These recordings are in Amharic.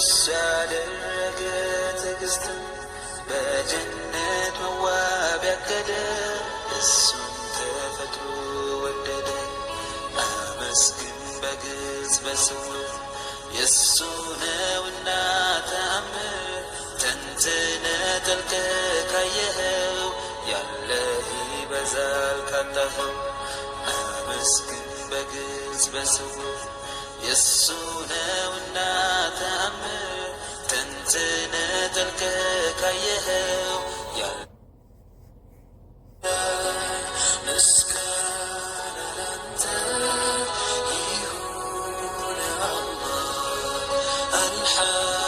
እርሱ ያደረገ ትዕግሥትን በጀነት መዋብ ያከደ እሱን ተፈጥሮ ወደደ። አመስግን በግዝ በስውር የእሱ ነውና ተአምር ተንትነ ጠልቀ ካየኸው ያለህ ይበዛል ካጣኸው አመስግን በግልጽ በስውር የሱነውና ተአምር ተንትነ ጠልቀ ካየኸው الحال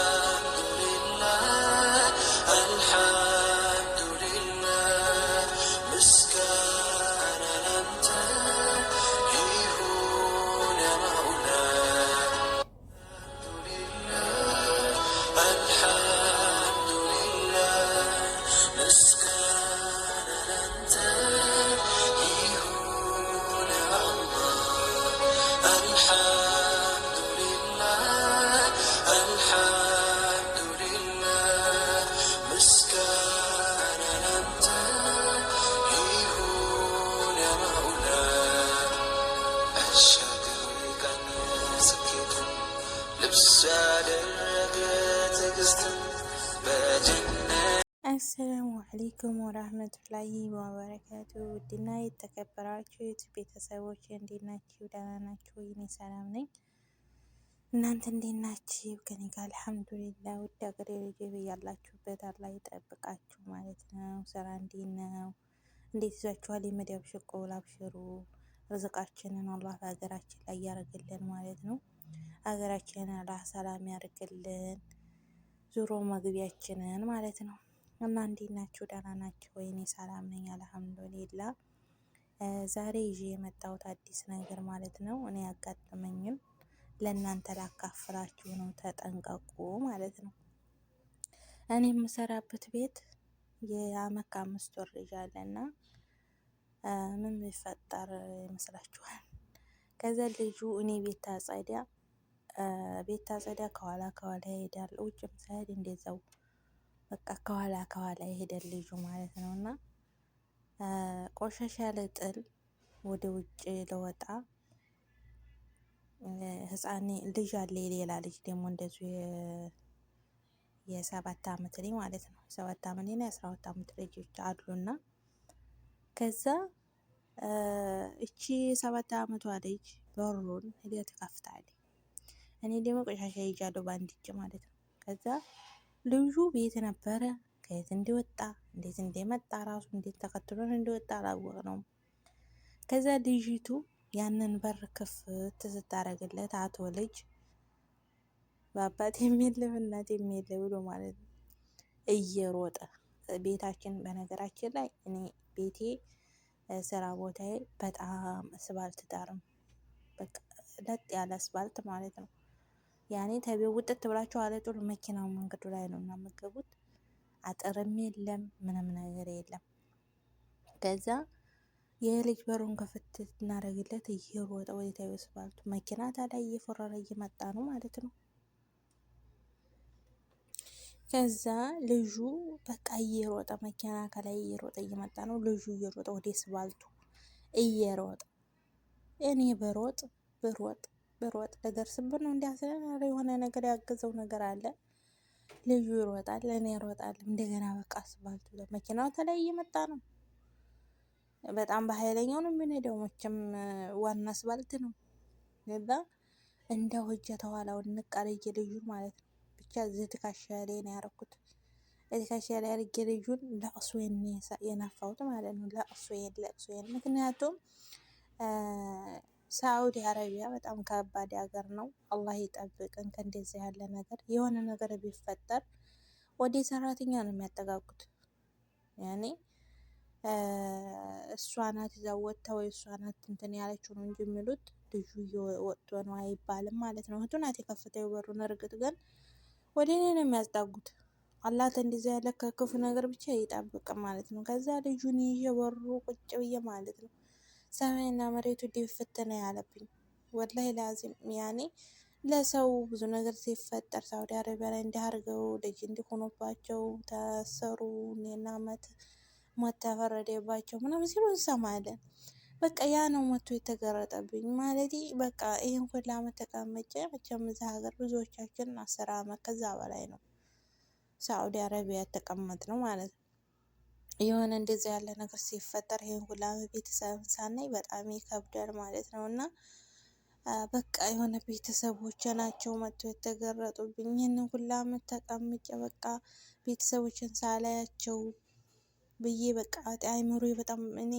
አሰላሙ አለይኩም ወራህመቱላሂ ወበረካቱ። ውድና የተከበራችሁ ቤተሰቦች እንዴት ናችሁ? ደህና ናችሁ? እኔ ሰላም ነኝ። እናንተ እንዴት ናችሁ? ከኔ ጋር አልሐምዱሊላህ። ውድ ሀገሬ ልጆች ያላችሁበት አላህ ይጠብቃችሁ ማለት ነው። ስራ እንዴት ነው? እንዴት ይዟችኋል? የመዳብ ሽቆላ አብሽሩ። ርዝቃችንን አላህ በሀገራችን ላይ ያደርግልን ማለት ነው። ሀገራችንን አላህ ሰላም ያደርግልን ዙሮ መግቢያችንን ማለት ነው። እና እንዴት ናችሁ? ደህና ናችሁ ወይ? እኔ ሰላም ነኝ አልሐምዱሊላ። ዛሬ ይዤ የመጣሁት አዲስ ነገር ማለት ነው። እኔ ያጋጠመኝም ለእናንተ ላካፍላችሁ ነው። ተጠንቀቁ ማለት ነው። እኔ የምሰራበት ቤት የአመት ከአምስት ወር ልጅ አለና ምን ይፈጠር ይመስላችኋል? ከዛ ልጁ እኔ ቤት ታጸዳ ቤት ታጸዳ ከኋላ ከኋላ ይሄዳል። ውጭም ሳይሄድ እንደዛው በቃ ከኋላ ከኋላ የሄደን ልጁ ማለት ነው። እና ቆሻሻ ልጥል ወደ ውጭ ልወጣ ህፃን ልጅ አለ። የሌላ ልጅ ደግሞ እንደዚሁ የሰባት አመት ልጅ ማለት ነው። ሰባት አመት እና የአስራ ሁለት አመት ልጆች አሉና ከዛ እቺ ሰባት አመቷ ልጅ በሩን ሄዳ ትከፍታለች። እኔ ደግሞ ቆሻሻ ይዣለሁ በአንድ እጅ ማለት ነው። ከዛ ልዩ ቤት ነበረ። ከየት እንደወጣ እንዴት እንደመጣ ራሱ እንዴት ተከትሎን እንደወጣ ነው። ከዛ ልጅቱ ያንን በር ክፍት ስታረግለት አቶ ልጅ በአባት የሚል በእናት የሚል ብሎ ማለት ነው እየሮጠ ቤታችን። በነገራችን ላይ እኔ ቤቴ ስራ ቦታዬ በጣም አስፋልት ዳርም በቃ ለጥ ያለ አስፋልት ማለት ነው። ያኔ ተቤው ውጥት ብላችሁ አለጡል መኪናው መንገዱ ላይ ነው እና መገቡት አጥርም የለም ምንም ነገር የለም። ከዛ የልጅ በሩን ከፍት እናደርግለት እየሮጠ ወደ ተበስባልቱ መኪና ታዲያ እየፈረረ እየመጣ ነው ማለት ነው። ከዛ ልጁ በቃ እየሮጠ መኪና ከላይ እየሮጠ እየመጣ ነው። ልጁ እየሮጠ ወደ ስባልቱ እየሮጠ እኔ በሮጥ ብሮጥ ሮጥ ልደርስብን ነው እንዲያስረ የሆነ ነገር ያገዘው ነገር አለ። ልዩ ይሮጣል፣ እኔ እሮጣለሁ። እንደገና በቃ አስፋልቱ መኪናው ተለይ እየመጣ ነው። በጣም በኃይለኛው ነው የምንሄደው። መቼም ዋና አስፋልት ነው ዛ እንደ ውጀ ተኋላውን ንቃለየ ልዩ ማለት ነው። ብቻ ዝድ ካሻሌ ነው ያረኩት። እዚህ ላይ ያርጌ ልዩን ለቅሶ የናፋሁት ማለት ነው። ለቅሶ የለቅሶ ምክንያቱም ሳዑዲ አረቢያ በጣም ከባድ ሀገር ነው። አላህ ይጠብቅን ከእንደዚህ ያለ ነገር። የሆነ ነገር ቢፈጠር ወደ ሰራተኛ ነው የሚያጠጋጉት። ያኔ እሷ ናት ይዛ ወጥታ ወይ እሷ ናት እንትን ያለችው ነው እንጂ የሚሉት ልጁ ወጥቶ ነው አይባልም ማለት ነው። እህቱ ናት የከፈተው በሩን። እርግጥ ግን ወደ እኔ ነው የሚያስጠጉት። አላህ እንደዚ ያለ ከክፉ ነገር ብቻ ይጠብቅ ማለት ነው። ከዛ ልጁን ይዤ በሩ ቁጭ ብዬ ማለት ነው ሰማይና መሬቱ ድፍት ነው ያለብኝ። ወላሂ ላዚም ያኔ ለሰው ብዙ ነገር ሲፈጠር ሳውዲ አረቢያ ላይ እንዲያርገው ልጅ እንዲሆኑባቸው ታሰሩ እና ሞት ተፈረደባቸው ምናምን ሲሉ እንሰማለን። በቃ ያ ነው መቶ የተገረጠብኝ ማለት በቃ ይህን ሁላ ዓመት ተቀመጨ። መቼም እዛ ሀገር ብዙዎቻችን አስር ዓመት ከዛ በላይ ነው ሳዑዲ አረቢያ የተቀመጥ ነው ማለት ነው። የሆነ እንደዚ ያለ ነገር ሲፈጠር ይህን ሁላ ቤተሰብን ሳናይ በጣም ይከብዳል ማለት ነው። እና በቃ የሆነ ቤተሰቦች ናቸው መጥቶ የተገረጡብኝ ይህንን ሁላ ተቀምጬ በቃ ቤተሰቦችን ሳላያቸው ብዬ በቃ አይምሮ በጣም እኔ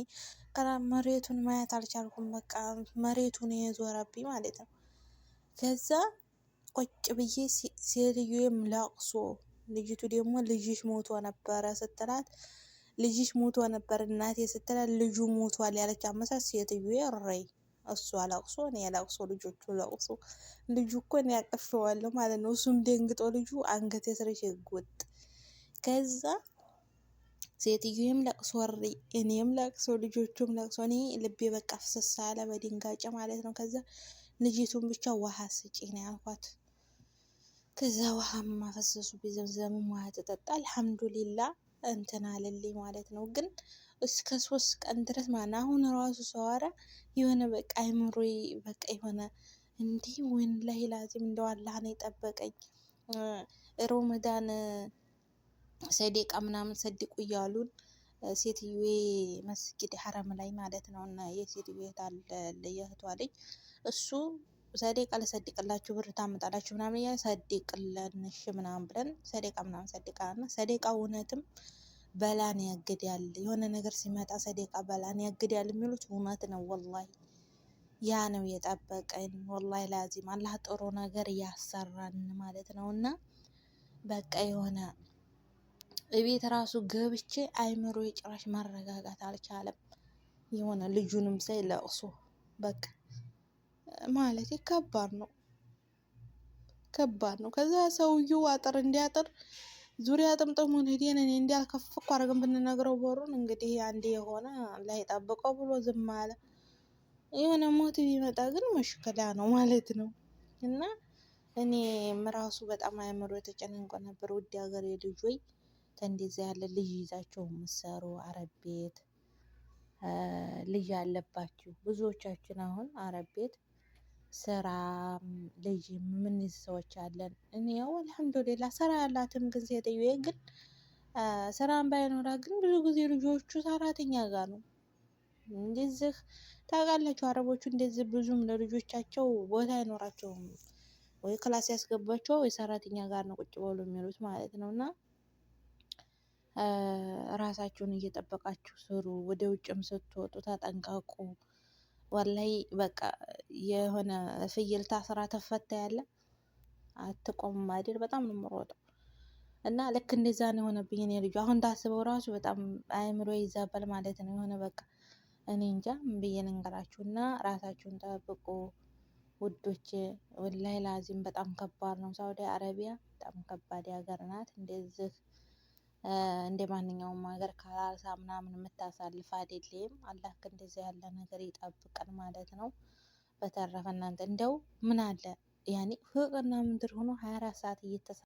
ከራ መሬቱን ማየት አልቻልኩም። በቃ መሬቱን የዞረብኝ ማለት ነው። ከዛ ቁጭ ብዬ ሴትዮ ላቅሶ ልጅቱ ደግሞ ልጅሽ ሞቶ ነበረ ስትላት ልጅሽ ሞቶ ነበር እናቴ ስትላ ልጁ ሞቷል ያለች አመሳት ሴትዮ ረይ እሱ አላቅሶ እኔ ያላቅሶ ልጆቹ ላቅሶ ልጁ እኮ እኔ ያቀፈዋለሁ ማለት ነው። እሱም ደንግጦ ልጁ አንገት የስረሽ ይጎጥ ከዛ ሴትዮዬም ለቅሶ ወሬ እኔም ለቅሶ ልጆቹም ለቅሶ እኔ ልቤ በቃ ፍስስ አለ በድንጋጭ ማለት ነው። ከዛ ልጅቱን ብቻ ውሃ ስጪ ነው ያልኳት። ከዛ ውሃ ማፈሰሱ ቢዘምዘም ውሃ ተጠጣ። አልሐምዱሊላ እንትን አለልኝ ማለት ነው። ግን እስከ ሶስት ቀን ድረስ ማለት አሁን ራሱ ሰዋራ የሆነ በቃ አይምሮ በቃ የሆነ እንዲህ ወን ላይ ላዚም እንደው አላህ ነው የጠበቀኝ። ሮመዳን ሰዴቃ ምናምን ሰድቁ እያሉን ሴትዮ መስጊድ ሐረም ላይ ማለት ነው እና የሴትዮ እህት አለ የእህቷ ልጅ እሱ ሰደቃ ልሰድቅላችሁ ብር ታመጣላችሁ ምናምን እያለ ሰድቅልን ምናምን ብለን ሰደቃ ምናምን ሰደቃ እና ሰደቃ እውነትም በላን ያግዳል። የሆነ ነገር ሲመጣ ሰደቃ በላን ያግዳል የሚሉት እውነት ነው። ወላሂ ያ ነው የጠበቀን። ወላሂ ላዚም አላህ ጥሩ ነገር እያሰራን ማለት ነው። እና በቃ የሆነ እቤት ራሱ ገብቼ አይምሮ የጭራሽ ማረጋጋት አልቻለም። የሆነ ልጁንም ሳይ ለቅሶ በቃ ማለት ከባድ ነው፣ ከባድ ነው። ከዛ ሰውዬው አጥር እንዲያጥር ዙሪያ ጥምጥሙ ሄደን እኔ እንዲያልከፍኩ አድርገን ብንነግረው በሩን እንግዲህ አንድ የሆነ ላይ ጠብቀው ብሎ ዝም አለ። የሆነ ሞት ቢመጣ ግን መሽከላ ነው ማለት ነው። እና እኔም ራሱ በጣም አእምሮ የተጨነንቆ ነበር። ውድ ሀገር ልጅ ወይ ያለ ልጅ ይዛቸው የምትሰሩ አረብ ቤት ልጅ አለባችሁ ብዙዎቻችን አሁን አረብ ቤት ስራ ልጅ የምንይዝ ሰዎች አለን። እኔ ያው አልሐምዱሊላ ስራ ያላትም ግን ሴትዮ ግን ስራን ባይኖራ ግን ብዙ ጊዜ ልጆቹ ሰራተኛ ጋር ነው እንደዚህ ታውቃላችሁ። አረቦቹ እንደዚህ ብዙም ለልጆቻቸው ቦታ አይኖራቸውም። ወይ ክላስ ያስገባቸው ወይ ሰራተኛ ጋር ነው ቁጭ ብሎ የሚሉት ማለት ነው። እና ራሳችሁን እየጠበቃችሁ ስሩ። ወደ ውጭም ስትወጡ ተጠንቀቁ። ወላይ በቃ የሆነ ፍየል ታስራ ተፈታ ያለ አትቆምም አይደል? በጣም ነው የምሮጠው እና ልክ እንደዛ ነው የሆነብኝ። እኔ ልጁ አሁን ታስበው ራሱ በጣም አእምሮ ይዛባል ማለት ነው። የሆነ በቃ እኔ እንጃ ብዬ ልንገራችሁ። እና ራሳችሁን ጠብቁ ውዶች። ወላይ ላዚም በጣም ከባድ ነው። ሳውዲ አረቢያ በጣም ከባድ ሀገር ናት እንደዚህ እንደ ማንኛውም ሀገር ካሳ ምናምን የምታሳልፍ አይደለም። አላህ እንደዚህ ያለ ነገር ይጠብቀን ማለት ነው። በተረፈ እናንተ እንደው ምን አለ ያኔ ፍቅርና ምድር ሆኖ 24 ሰዓት እየተሳ